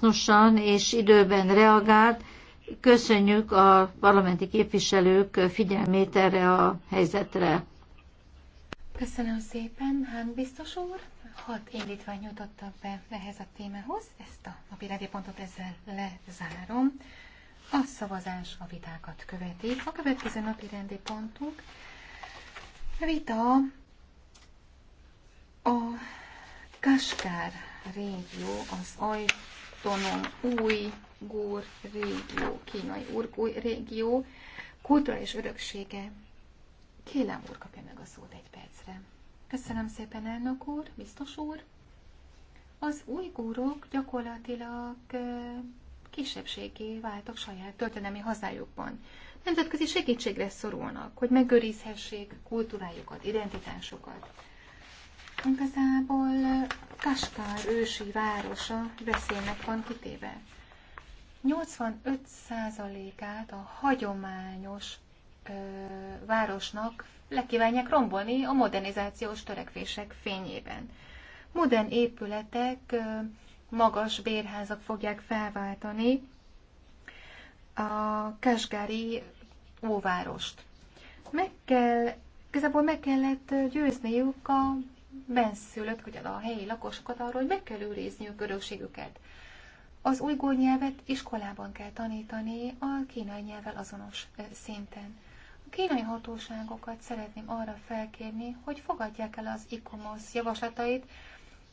hasznosan és időben reagált. Köszönjük a parlamenti képviselők figyelmét erre a helyzetre. Köszönöm szépen, Hán biztos úr. Hat élítvány nyújtottak be ehhez a témához. Ezt a napi pontot ezzel lezárom. A szavazás a vitákat követi. A következő napi rendi pontunk vita a Kaskár régió, az Aj autonóm új gúr régió, kínai új régió, kultúra és öröksége. Kélem úr kapja meg a szót egy percre. Köszönöm szépen, elnök úr, biztos úr. Az új gúrok gyakorlatilag kisebbségé váltak saját történelmi hazájukban. Nemzetközi segítségre szorulnak, hogy megőrizhessék kultúrájukat, identitásukat. Igazából Kaskár ősi városa veszélynek van kitéve. 85%-át a hagyományos ö, városnak lekívánják rombolni a modernizációs törekvések fényében. Modern épületek, ö, magas bérházak fogják felváltani a Kasgári óvárost. Meg kell, igazából meg kellett győzniük a benszülött, hogy a helyi lakosokat arról, hogy meg kell őrizni a örökségüket. Az ujgó nyelvet iskolában kell tanítani a kínai nyelvvel azonos szinten. A kínai hatóságokat szeretném arra felkérni, hogy fogadják el az ICOMOS javaslatait,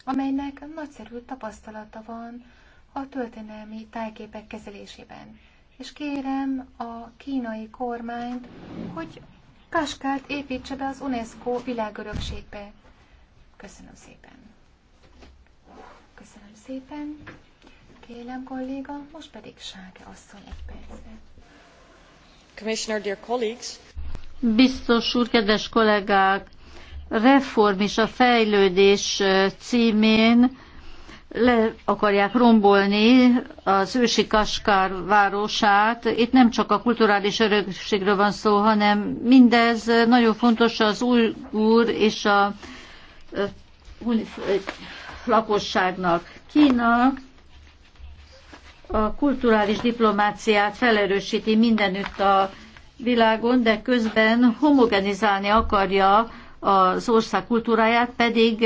amelynek nagyszerű tapasztalata van a történelmi tájképek kezelésében. És kérem a kínai kormányt, hogy Kaskát építse be az UNESCO világörökségbe. Köszönöm szépen. Köszönöm szépen. Kérem, kolléga, most pedig Sáke asszony egy percre. Commissioner, dear colleagues. Biztos úr, kedves kollégák, reform és a fejlődés címén le akarják rombolni az ősi Kaskár városát. Itt nem csak a kulturális örökségről van szó, hanem mindez nagyon fontos az új úr és a lakosságnak. Kína a kulturális diplomáciát felerősíti mindenütt a világon, de közben homogenizálni akarja az ország kultúráját, pedig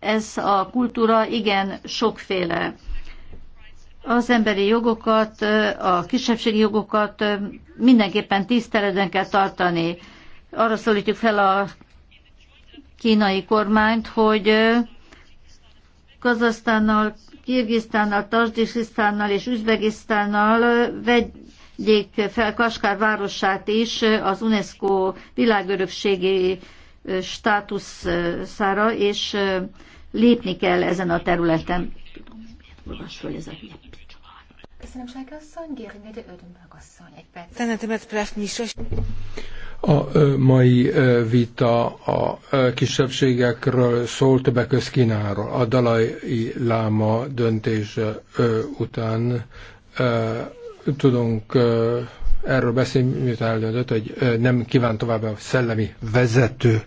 ez a kultúra igen sokféle. Az emberi jogokat, a kisebbségi jogokat mindenképpen tiszteleten kell tartani. Arra szólítjuk fel a kínai kormányt, hogy Kazasztánnal, Kirgisztánnal, Tajdikisztánnal és Üzbegisztánnal vegyék fel Kaskár városát is az UNESCO világörökségi státuszára, és lépni kell ezen a területen. Olvasd ez a Köszönöm, Sáke asszony. Ödönberg asszony. Egy perc. Tenetemet A mai vita a kisebbségekről szól többek között Kínáról. A dalai láma döntése után tudunk erről beszélni, miután eldöntött, hogy nem kíván tovább a szellemi vezető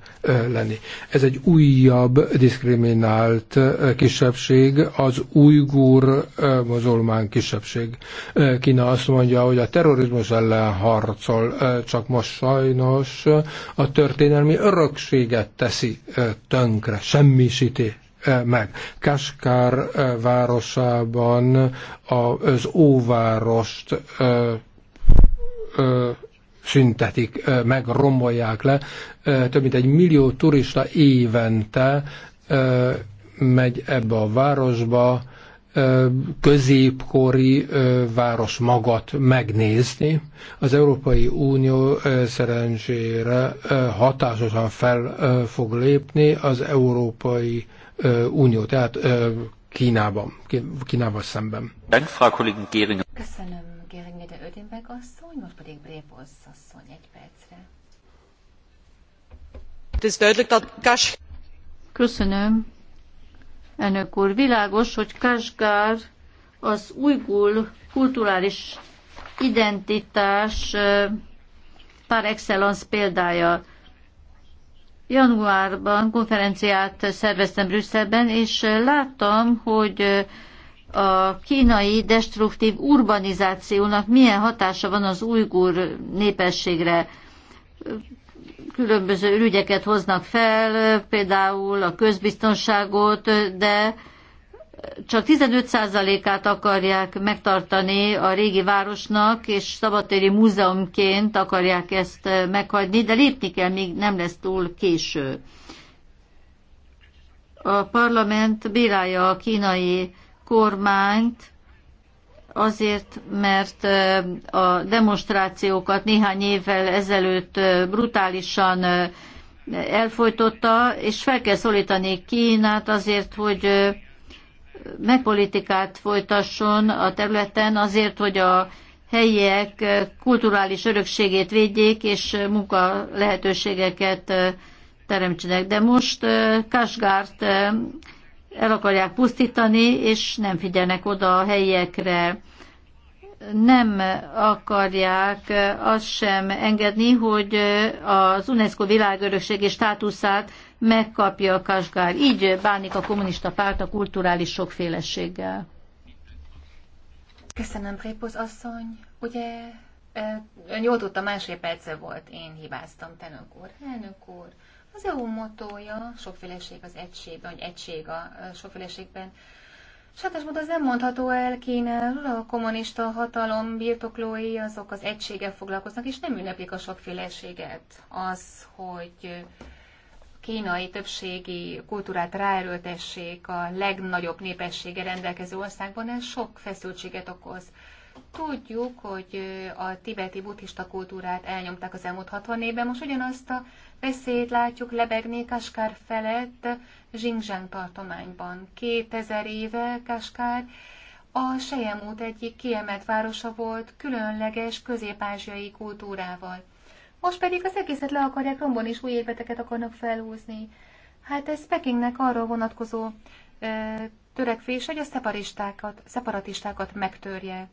lenni. Ez egy újabb diszkriminált kisebbség, az ujgur mozolmán kisebbség. Kína azt mondja, hogy a terrorizmus ellen harcol, csak most sajnos a történelmi örökséget teszi tönkre, semmisíti meg. Kaskár városában az óvárost szüntetik meg, rombolják le. Több mint egy millió turista évente megy ebbe a városba, középkori város magat megnézni. Az Európai Unió szerencsére hatásosan fel fog lépni az Európai Unió, tehát Kínában, Kínával szemben. Köszönöm Henriette Ödenberg asszony, most pedig Brébosz asszony egy percre. Köszönöm. Elnök úr, világos, hogy Kasgár az újgul kulturális identitás par excellence példája. Januárban konferenciát szerveztem Brüsszelben, és láttam, hogy a kínai destruktív urbanizációnak milyen hatása van az ujgur népességre. Különböző ügyeket hoznak fel, például a közbiztonságot, de csak 15%-át akarják megtartani a régi városnak, és szabadtéri múzeumként akarják ezt meghagyni, de lépni kell, még nem lesz túl késő. A parlament bírálja a kínai kormányt, azért, mert a demonstrációkat néhány évvel ezelőtt brutálisan elfolytotta, és fel kell szólítani Kínát azért, hogy megpolitikát folytasson a területen, azért, hogy a helyiek kulturális örökségét védjék, és munka lehetőségeket teremtsenek. De most Kasgárt el akarják pusztítani, és nem figyelnek oda a helyiekre. Nem akarják azt sem engedni, hogy az UNESCO világörökségi státuszát megkapja a Kasgár. Így bánik a kommunista párt a kulturális sokféleséggel. Köszönöm, Prépoz asszony. Ugye ön jól tudta, másfél perce volt, én hibáztam, tenök úr, elnök úr. Az EU motója sokféleség az egységben, vagy egység a sokféleségben. Sajnos hát az nem mondható el kéne, a kommunista hatalom birtoklói azok az egységgel foglalkoznak, és nem ünneplik a sokféleséget. Az, hogy kínai többségi kultúrát ráerőltessék a legnagyobb népessége rendelkező országban, ez sok feszültséget okoz. Tudjuk, hogy a tibeti buddhista kultúrát elnyomták az elmúlt 60 évben, most ugyanazt a veszélyt látjuk lebegni Kaskár felett Xinjiang tartományban. 2000 éve Kaskár a Sejemút egyik kiemelt városa volt, különleges közép-ázsiai kultúrával. Most pedig az egészet le akarják rombon, és új épületeket akarnak felhúzni. Hát ez Pekingnek arról vonatkozó ö, törekvés, hogy a szeparatistákat, szeparatistákat megtörje.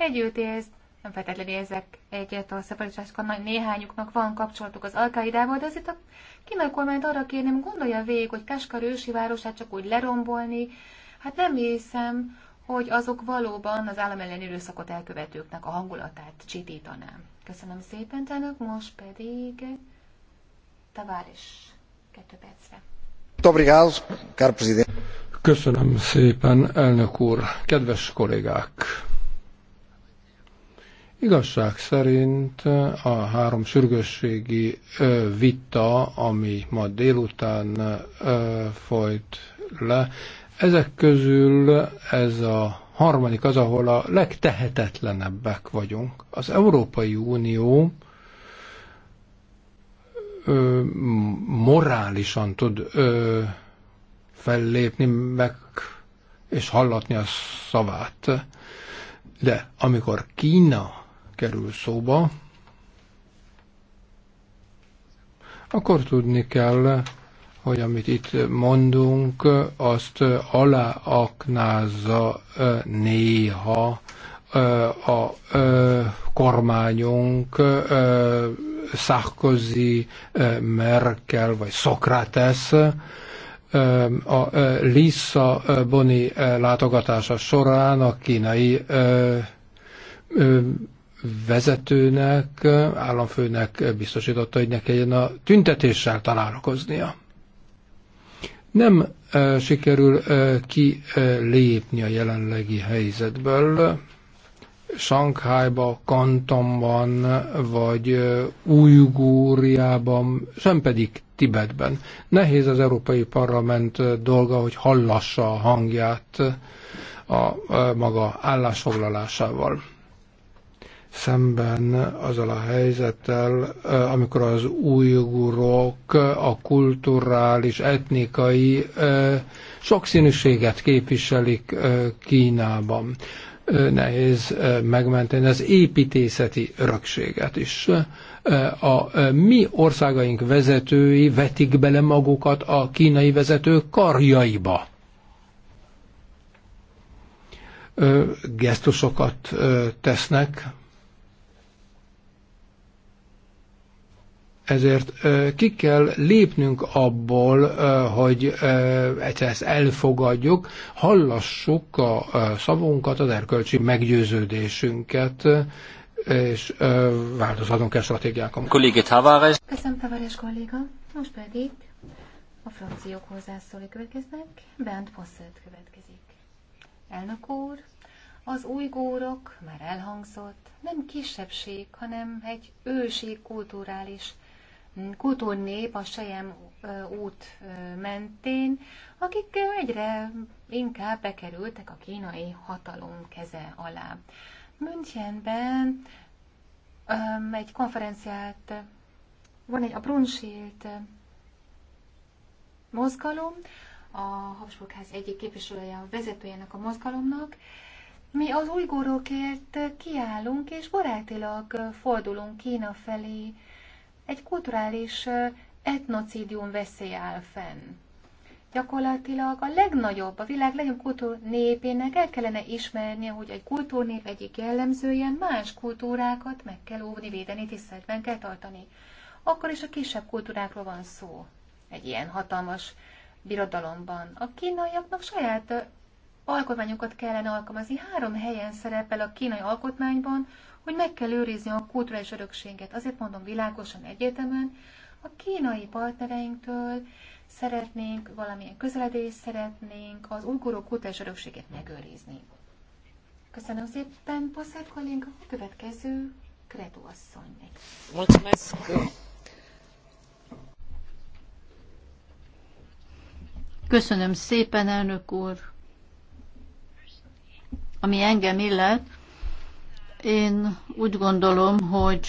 Együtt érz, nem feltétlenül érzek egyet a szabadításokkal, nagy néhányuknak van kapcsolatuk az Alkaidával, de azért a kínai kormányt arra kérném, gondolja végig, hogy Kaskar ősi városát csak úgy lerombolni, hát nem hiszem, hogy azok valóban az állam elleni erőszakot elkövetőknek a hangulatát csitítanám. Köszönöm szépen, tának, most pedig Tavares, kettő percre. Köszönöm szépen, elnök úr, kedves kollégák! Igazság szerint a három sürgősségi vita, ami ma délután folyt le, ezek közül ez a harmadik az, ahol a legtehetetlenebbek vagyunk. Az Európai Unió morálisan tud fellépni meg és hallatni a szavát. De amikor Kína kerül szóba, akkor tudni kell, hogy amit itt mondunk, azt aláaknázza néha a kormányunk Sarkozy, Merkel vagy Szokrates a Lisszaboni látogatása során a kínai vezetőnek, államfőnek biztosította, hogy ne kelljen a tüntetéssel találkoznia. Nem sikerül kilépni a jelenlegi helyzetből. Sankhájba, Kantonban, vagy Ujgúriában, sem pedig Tibetben. Nehéz az Európai Parlament dolga, hogy hallassa a hangját a maga állásfoglalásával szemben azzal a helyzettel, amikor az újgurok a kulturális, etnikai sokszínűséget képviselik Kínában. Nehéz megmenteni az építészeti örökséget is. A mi országaink vezetői vetik bele magukat a kínai vezetők karjaiba gesztusokat tesznek, Ezért ki kell lépnünk abból, hogy ezt elfogadjuk, hallassuk a szavunkat, az erkölcsi meggyőződésünket, és változhatunk el stratégiákon. Kollégét Tavares. Köszönöm, Tavares kolléga. Most pedig a frakciók hozzászólói következnek. Bent Posselt következik. Elnök úr, az új górok már elhangzott, nem kisebbség, hanem egy ősi kulturális kultúrnép a Sejem út mentén, akik egyre inkább bekerültek a kínai hatalom keze alá. Münchenben egy konferenciát, van egy a Brunschild mozgalom, a Habsburgház egyik képviselője, a vezetőjének a mozgalomnak. Mi az újgórókért kiállunk, és barátilag fordulunk Kína felé, egy kulturális etnocidium veszély áll fenn. Gyakorlatilag a legnagyobb, a világ legnagyobb kultúrnépének el kellene ismernie, hogy egy kultúrnép egyik jellemzője más kultúrákat meg kell óvni, védeni, tiszteletben kell tartani. Akkor is a kisebb kultúrákról van szó egy ilyen hatalmas birodalomban. A kínaiaknak saját alkotmányokat kellene alkalmazni. Három helyen szerepel a kínai alkotmányban hogy meg kell őrizni a kulturális örökséget. Azért mondom világosan, egyértelműen, a kínai partnereinktől szeretnénk, valamilyen közeledést szeretnénk az ujgurok kultúrás örökséget megőrizni. Köszönöm szépen, Passzát kollénk, a következő Kredo asszony. Köszönöm szépen, elnök úr! Ami engem illet, én úgy gondolom, hogy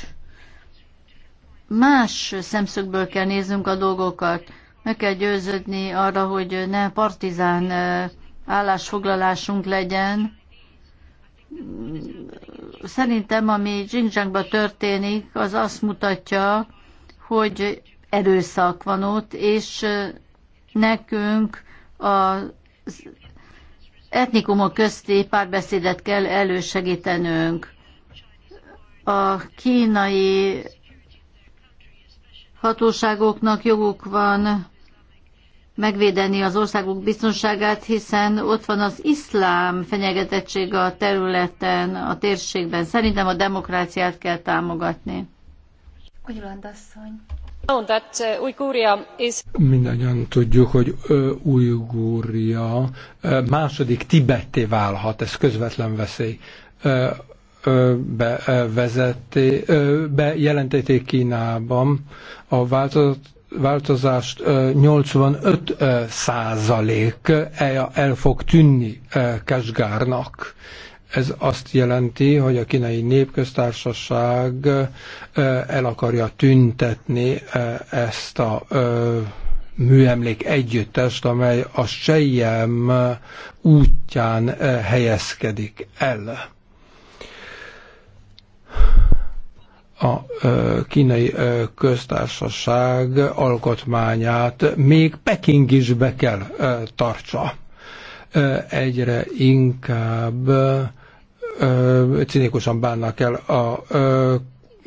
más szemszögből kell néznünk a dolgokat. Meg kell győződni arra, hogy ne partizán állásfoglalásunk legyen. Szerintem, ami Xinjiangban történik, az azt mutatja, hogy erőszak van ott, és nekünk az etnikumok közti párbeszédet kell elősegítenünk a kínai hatóságoknak joguk van megvédeni az országok biztonságát, hiszen ott van az iszlám fenyegetettség a területen, a térségben. Szerintem a demokráciát kell támogatni. Mindannyian tudjuk, hogy Ujgúria második Tibetté válhat, ez közvetlen veszély bejelentették Kínában a változat, változást 85 százalék e, el fog tűnni Kesgárnak. Ez azt jelenti, hogy a kínai népköztársaság el akarja tüntetni ezt a műemlék együttest, amely a Sejjem útján helyezkedik el a kínai köztársaság alkotmányát még Peking is be kell tartsa. Egyre inkább cinikusan bánnak el a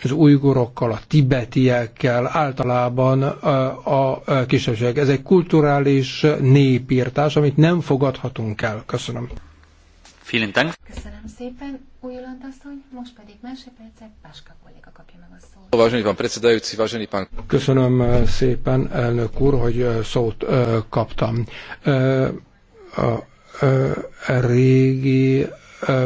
az ujgurokkal, a tibetiekkel, általában a kisebbségek. Ez egy kulturális népírtás, amit nem fogadhatunk el. Köszönöm. Köszönöm szépen. Újland asszony, most pedig másodpercet Páska kolléga kapja meg a szót. Vážený pán predsedajúci, vážený pán... Köszönöm szépen, elnök úr, hogy szót kaptam. A régi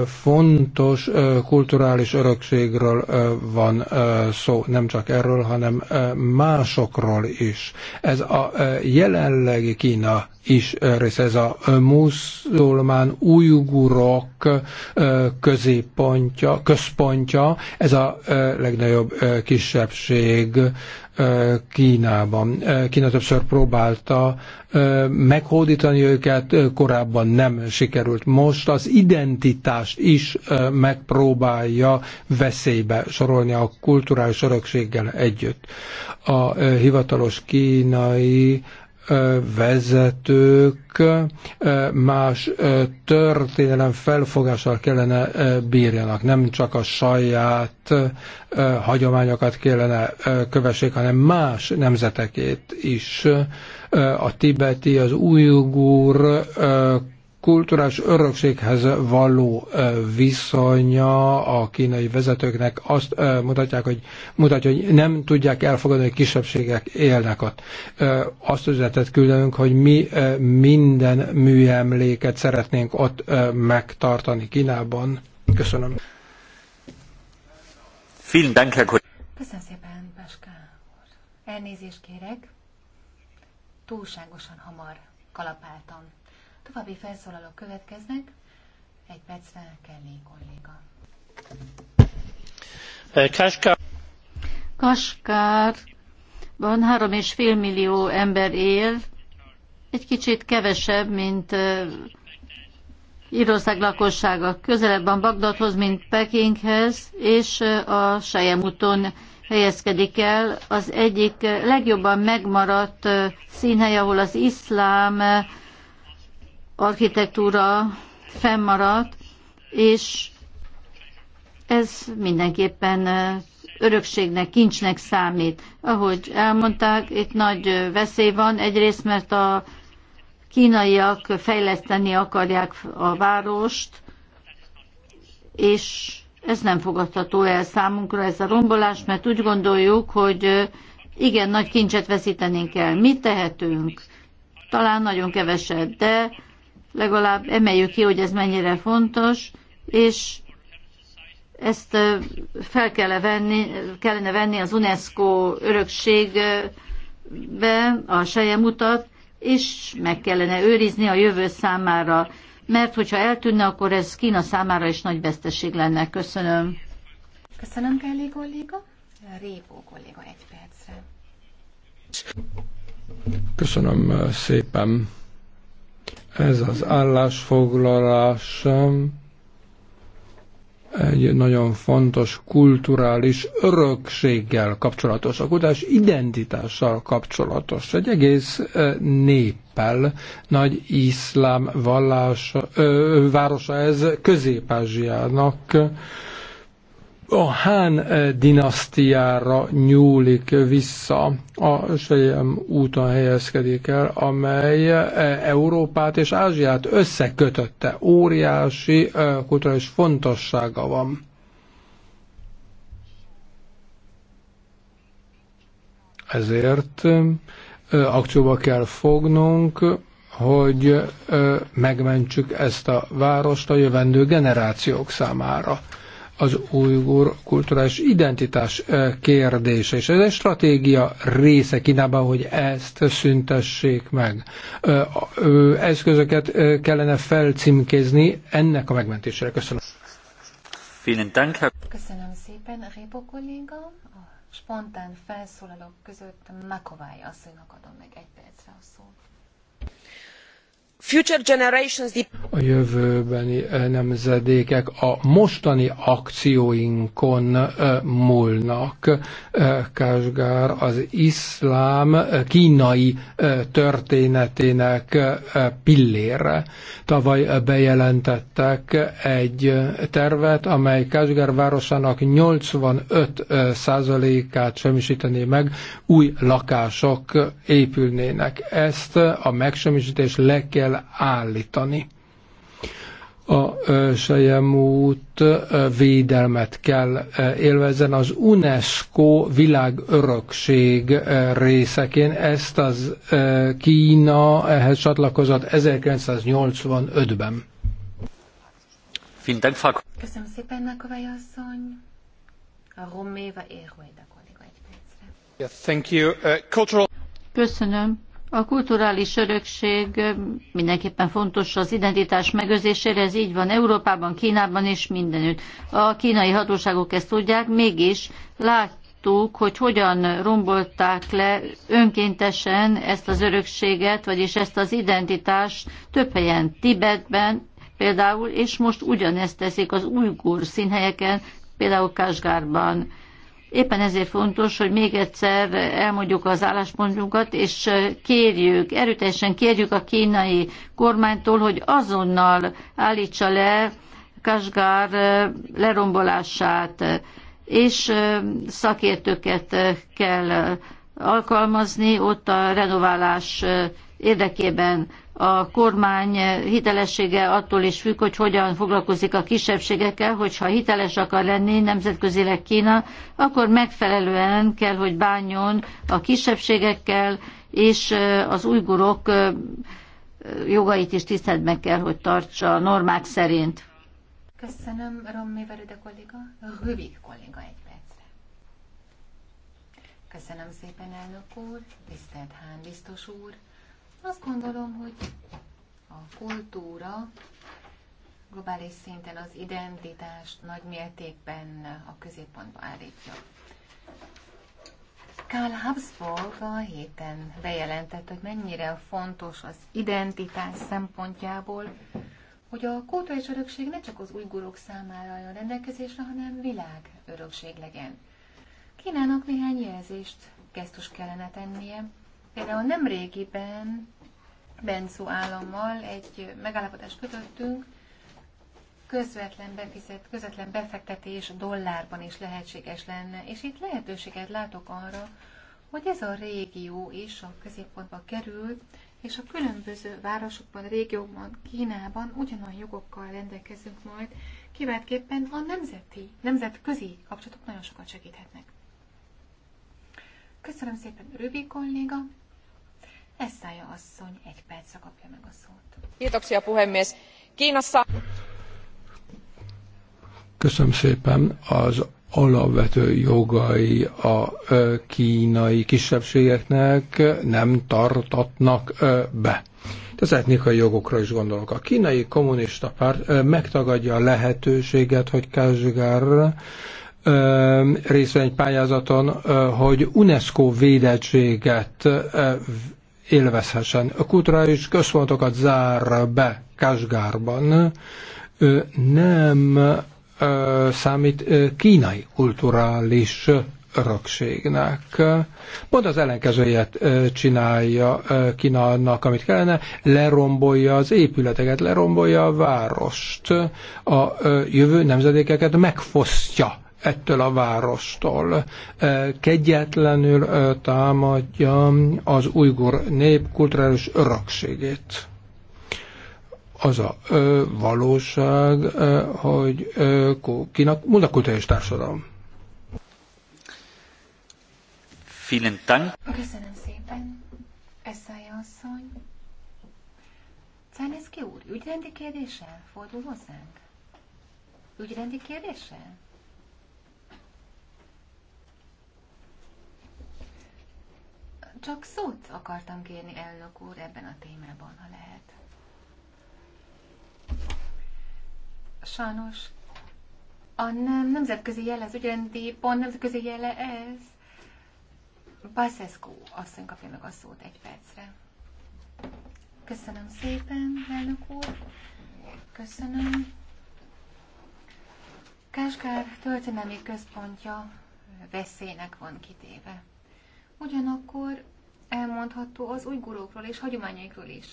fontos kulturális örökségről van szó, nem csak erről, hanem másokról is. Ez a jelenlegi Kína is része ez a muszulmán újgurok középpontja, központja, ez a legnagyobb kisebbség Kínában. Kína többször próbálta meghódítani őket, korábban nem sikerült. Most az identitást is megpróbálja veszélybe sorolni a kulturális örökséggel együtt. A hivatalos kínai vezetők más történelem felfogással kellene bírjanak. Nem csak a saját hagyományokat kellene kövessék, hanem más nemzetekét is. A tibeti, az ujgur kulturális örökséghez való viszonya a kínai vezetőknek azt mutatják, hogy, mutatja, hogy nem tudják elfogadni, hogy kisebbségek élnek ott. Azt üzletet küldünk, hogy mi minden műemléket szeretnénk ott megtartani Kínában. Köszönöm. Vielen Dank, Herr Köszönöm szépen, Paskál úr. Elnézést kérek. Túlságosan hamar kalapáltam. További felszólalók következnek. Egy percre kell kolléga. Eh, Kaskár. Van három és fél millió ember él, egy kicsit kevesebb, mint eh, Írország lakossága. Közelebb van Bagdadhoz, mint Pekinghez, és eh, a Sejem úton helyezkedik el. Az egyik legjobban megmaradt színhely, ahol az iszlám architektúra fennmaradt, és ez mindenképpen örökségnek, kincsnek számít. Ahogy elmondták, itt nagy veszély van, egyrészt mert a kínaiak fejleszteni akarják a várost, és ez nem fogadható el számunkra, ez a rombolás, mert úgy gondoljuk, hogy igen, nagy kincset veszítenénk el. Mit tehetünk? Talán nagyon keveset, de legalább emeljük ki, hogy ez mennyire fontos, és ezt fel kellene venni, kellene venni az UNESCO örökségbe, a sejemutat, és meg kellene őrizni a jövő számára, mert hogyha eltűnne, akkor ez Kína számára is nagy veszteség lenne. Köszönöm. Köszönöm, Kelly kolléga. Répó kolléga egy percre. Köszönöm szépen. Ez az állásfoglalásom egy nagyon fontos kulturális örökséggel kapcsolatos, a kutás identitással kapcsolatos, egy egész néppel, nagy iszlám ö, városa ez Közép-Ázsiának, a Hán eh, dinasztiára nyúlik vissza, a Sejem úton helyezkedik el, amely eh, Európát és Ázsiát összekötötte. Óriási eh, kulturális fontossága van. Ezért akcióba kell fognunk, hogy megmentsük ezt a várost a jövendő generációk számára az ujgur kulturális identitás kérdése, és ez egy stratégia része Kínában, hogy ezt szüntessék meg. Eszközöket kellene felcímkézni ennek a megmentésére. Köszönöm. Köszönöm szépen, Rébo kolléga. A spontán felszólalók között Makovály asszonynak adom meg egy percre a szót a jövőbeni eh, nemzedékek a mostani akcióinkon eh, múlnak. Eh, Kásgár az iszlám kínai történetének pillére. Tavaly bejelentettek egy tervet, amely Kásgár városának 85 százalékát semmisítené meg, új lakások épülnének. Ezt a megsemmisítés le kell kell állítani. A Sejemút védelmet kell élvezzen az UNESCO világörökség részekén. Ezt az Kína ehhez csatlakozott 1985-ben. Köszönöm szépen, Nakovai asszony. A Roméva Érhoida kolléga egy percre. Uh, Köszönöm. A kulturális örökség mindenképpen fontos az identitás megőrzésére, ez így van Európában, Kínában és mindenütt. A kínai hatóságok ezt tudják, mégis láttuk, hogy hogyan rombolták le önkéntesen ezt az örökséget, vagyis ezt az identitást több helyen, Tibetben például, és most ugyanezt teszik az újgur színhelyeken, például Kásgárban Éppen ezért fontos, hogy még egyszer elmondjuk az álláspontunkat, és kérjük, erőteljesen kérjük a kínai kormánytól, hogy azonnal állítsa le Kasgár lerombolását, és szakértőket kell alkalmazni ott a renoválás érdekében a kormány hitelessége attól is függ, hogy hogyan foglalkozik a kisebbségekkel, hogyha hiteles akar lenni nemzetközileg Kína, akkor megfelelően kell, hogy bánjon a kisebbségekkel, és az ujgurok jogait is tiszteletben kell, hogy tartsa a normák szerint. Köszönöm, Rommé Verüde kolléga. Rübig kolléga egy percre. Köszönöm szépen, elnök úr, tisztelt Hán biztos úr. Azt gondolom, hogy a kultúra globális szinten az identitást nagy mértékben a középpontba állítja. Karl Habsburg a héten bejelentett, hogy mennyire fontos az identitás szempontjából, hogy a kulturális örökség ne csak az ujgurok számára álljon rendelkezésre, hanem világ örökség legyen. Kínának néhány jelzést, gesztus kellene tennie. Például nem régiben Benszú állammal egy megállapodást kötöttünk, közvetlen, befizet, közvetlen befektetés dollárban is lehetséges lenne, és itt lehetőséget látok arra, hogy ez a régió is a középpontba kerül, és a különböző városokban, régiókban, Kínában ugyanolyan jogokkal rendelkezünk majd, kiváltképpen a nemzeti, nemzetközi kapcsolatok nagyon sokat segíthetnek. Köszönöm szépen, Rübi kolléga! Eszája asszony egy percre kapja meg a szót. Kiitoksia puhemies. Kínassa... Köszönöm szépen az alapvető jogai a kínai kisebbségeknek nem tartatnak be. De az etnikai jogokra is gondolok. A kínai kommunista párt megtagadja a lehetőséget, hogy Kázsugár részvénypályázaton, hogy UNESCO védettséget élvezhessen. A kulturális központokat zár be Kasgárban, nem számít kínai kulturális örökségnek. Pont az ellenkezőjét csinálja Kína annak, amit kellene, lerombolja az épületeket, lerombolja a várost, a jövő nemzedékeket megfosztja ettől a várostól. Kegyetlenül támadja az ujgur nép kulturális örökségét az a ö, valóság, ö, hogy ö, Kína monokultúrás társadalom. Vielen Dank. Köszönöm szépen, Eszály asszony. Czáneszki úr, ügyrendi kérdéssel fordul hozzánk? Ügyrendi kérdéssel? Csak szót akartam kérni, elnök úr, ebben a témában, ha lehet. Sajnos a nem, nemzetközi jele, az ügyrendi pont nemzetközi jele ez. Baszeszkó asszony kapja meg a szót egy percre. Köszönöm szépen, elnök úr. Köszönöm. Káskár történelmi központja veszélynek van kitéve. Ugyanakkor elmondható az ujgurokról és hagyományaikról is.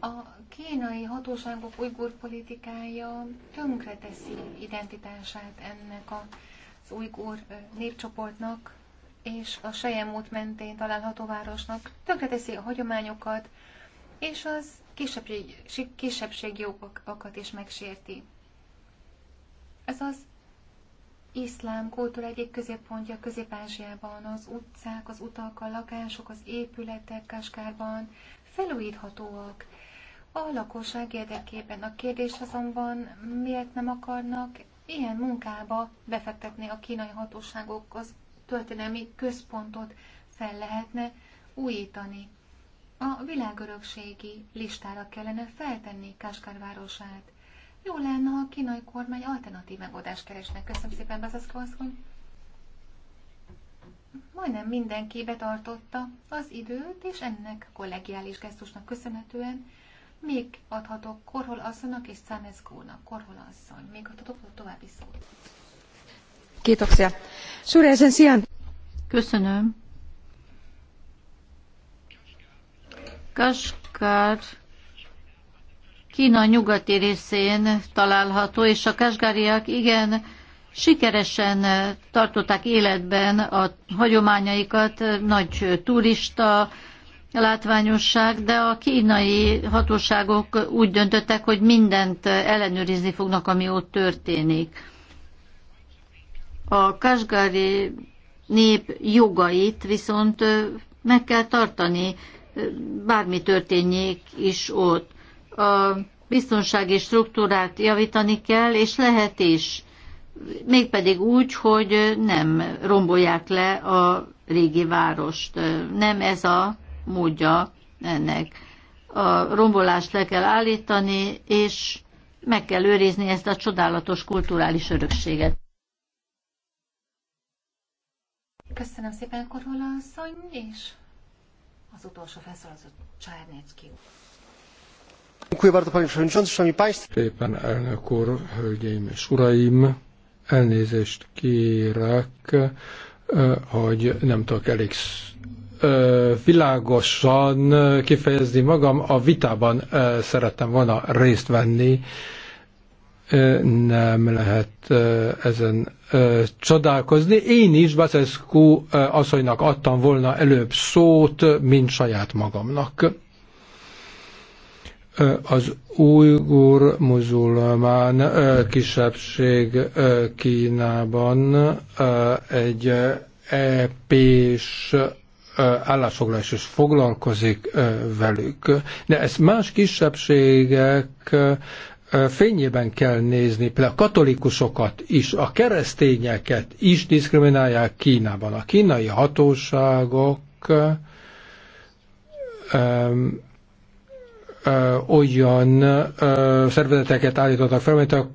A kínai hatóságok ujgur politikája tönkreteszi identitását ennek az ujgur népcsoportnak, és a Sejemút mentén található városnak tönkreteszi a hagyományokat, és az kisebbség, kisebbségjogokat is megsérti. Ez az iszlám kultúra egyik középpontja Közép-Ázsiában, az utcák, az utak, a lakások, az épületek Kaskárban felújíthatóak. A lakosság érdekében a kérdés azonban, miért nem akarnak ilyen munkába befektetni a kínai hatóságok az történelmi központot fel lehetne újítani. A világörökségi listára kellene feltenni Kaskár városát. Jó lenne, ha a kínai kormány alternatív megoldást keresne. Köszönöm szépen, Bezeszka asszony. Majdnem mindenki betartotta az időt, és ennek kollegiális gesztusnak köszönhetően még adhatok Korhol asszonynak és Száneszkónak. Korhol asszony, még adhatok további szót. Kiitoksia. Sureisen sijaan. Köszönöm. Kaskár Kína nyugati részén található, és a kasgáriak igen sikeresen tartották életben a hagyományaikat, nagy turista látványosság, de a kínai hatóságok úgy döntöttek, hogy mindent ellenőrizni fognak, ami ott történik. A kasgári nép jogait viszont meg kell tartani, bármi történjék is ott a biztonsági struktúrát javítani kell, és lehet is. Mégpedig úgy, hogy nem rombolják le a régi várost. Nem ez a módja ennek. A rombolást le kell állítani, és meg kell őrizni ezt a csodálatos kulturális örökséget. Köszönöm szépen, Korhola asszony, és az utolsó felszólaló Csárnécki. Szépen, elnök úr, hölgyeim és uraim, elnézést kérek, hogy nem tudok elég világosan kifejezni magam. A vitában szerettem volna részt venni, nem lehet ezen csodálkozni. Én is Bacescu asszonynak adtam volna előbb szót, mint saját magamnak az újgur muzulmán kisebbség Kínában egy EP-s állásfoglalás is foglalkozik velük. De ezt más kisebbségek fényében kell nézni, például a katolikusokat is, a keresztényeket is diszkriminálják Kínában. A kínai hatóságok olyan szervezeteket állítottak fel, amit a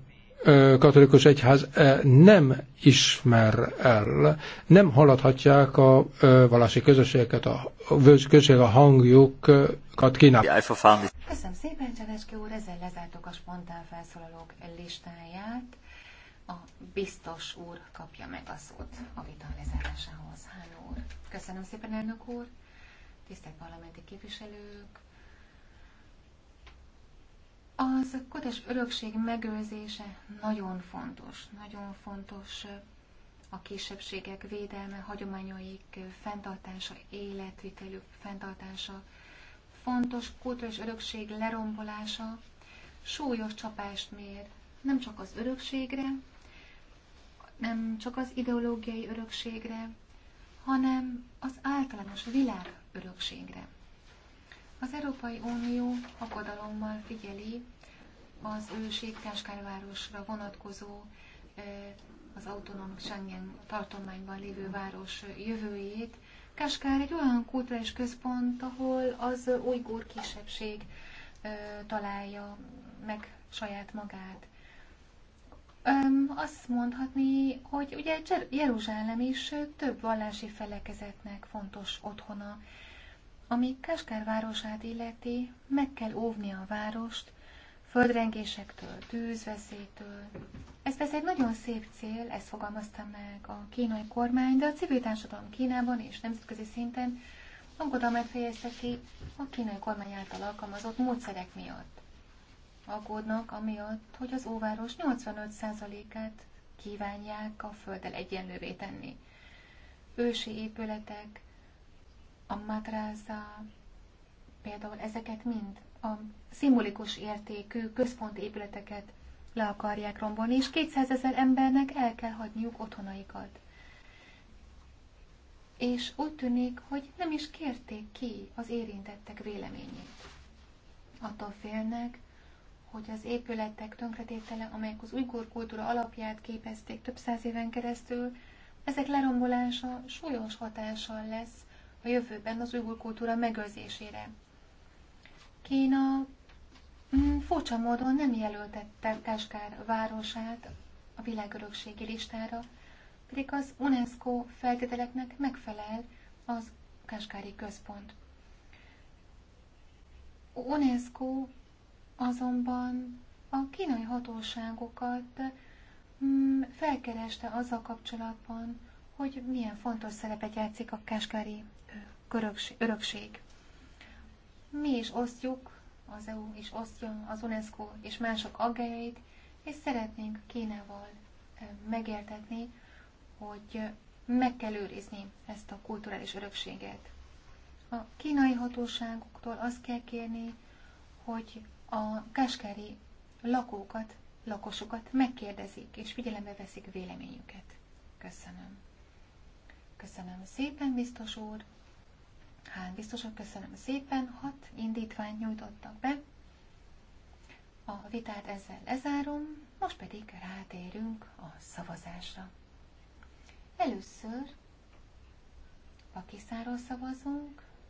katolikus egyház nem ismer el, nem haladhatják a valási közösségeket, a közösség a hangjukat kínál. Köszönöm szépen, Cseveske úr, ezzel lezártuk a spontán felszólalók listáját. A biztos úr kapja meg a szót a vita lezárásához. Hán úr. Köszönöm szépen, elnök úr. Tisztelt parlamenti képviselők, az kutatás örökség megőrzése nagyon fontos, nagyon fontos a kisebbségek védelme, hagyományaik fenntartása, életvitelük fenntartása, fontos kultúrás örökség lerombolása, súlyos csapást mér nem csak az örökségre, nem csak az ideológiai örökségre, hanem az általános világ örökségre. Az Európai Unió aggodalommal figyeli az őség Táskárvárosra vonatkozó az autonóm Schengen tartományban lévő város jövőjét. Kaskár egy olyan kulturális központ, ahol az ujgur kisebbség találja meg saját magát. Öm, azt mondhatni, hogy ugye Jeruzsálem is több vallási felekezetnek fontos otthona. Ami Kaskár városát illeti, meg kell óvni a várost földrengésektől, tűzveszélytől. Ez persze egy nagyon szép cél, ezt fogalmazta meg a kínai kormány, de a civil társadalom Kínában és nemzetközi szinten aggodalmát fejezte ki a kínai kormány által alkalmazott módszerek miatt. Aggódnak amiatt, hogy az óváros 85%-át kívánják a földdel egyenlővé tenni. Ősi épületek, a madráza, például ezeket mind a szimbolikus értékű központi épületeket le akarják rombolni, és 200 ezer embernek el kell hagyniuk otthonaikat. És úgy tűnik, hogy nem is kérték ki az érintettek véleményét. Attól félnek, hogy az épületek tönkretétele, amelyek az ujgur kultúra alapját képezték több száz éven keresztül, ezek lerombolása súlyos hatással lesz a jövőben az ujgur kultúra megőrzésére. Kína mm, furcsa módon nem jelöltette Táskár városát a világörökségi listára, pedig az UNESCO feltételeknek megfelel az Káskári Központ. A UNESCO azonban a kínai hatóságokat mm, felkereste azzal kapcsolatban, hogy milyen fontos szerepet játszik a káskári örökség. Mi is osztjuk, az EU is osztja az UNESCO és mások aggájait, és szeretnénk Kínával megértetni, hogy meg kell őrizni ezt a kulturális örökséget. A kínai hatóságoktól azt kell kérni, hogy a káskári lakókat, lakosokat megkérdezik, és figyelembe veszik véleményüket. Köszönöm. Köszönöm szépen, biztos úr. Hán biztos úr, köszönöm szépen. Hat indítványt nyújtottak be. A vitát ezzel lezárom, most pedig rátérünk a szavazásra. Először Pakisztáról szavazunk,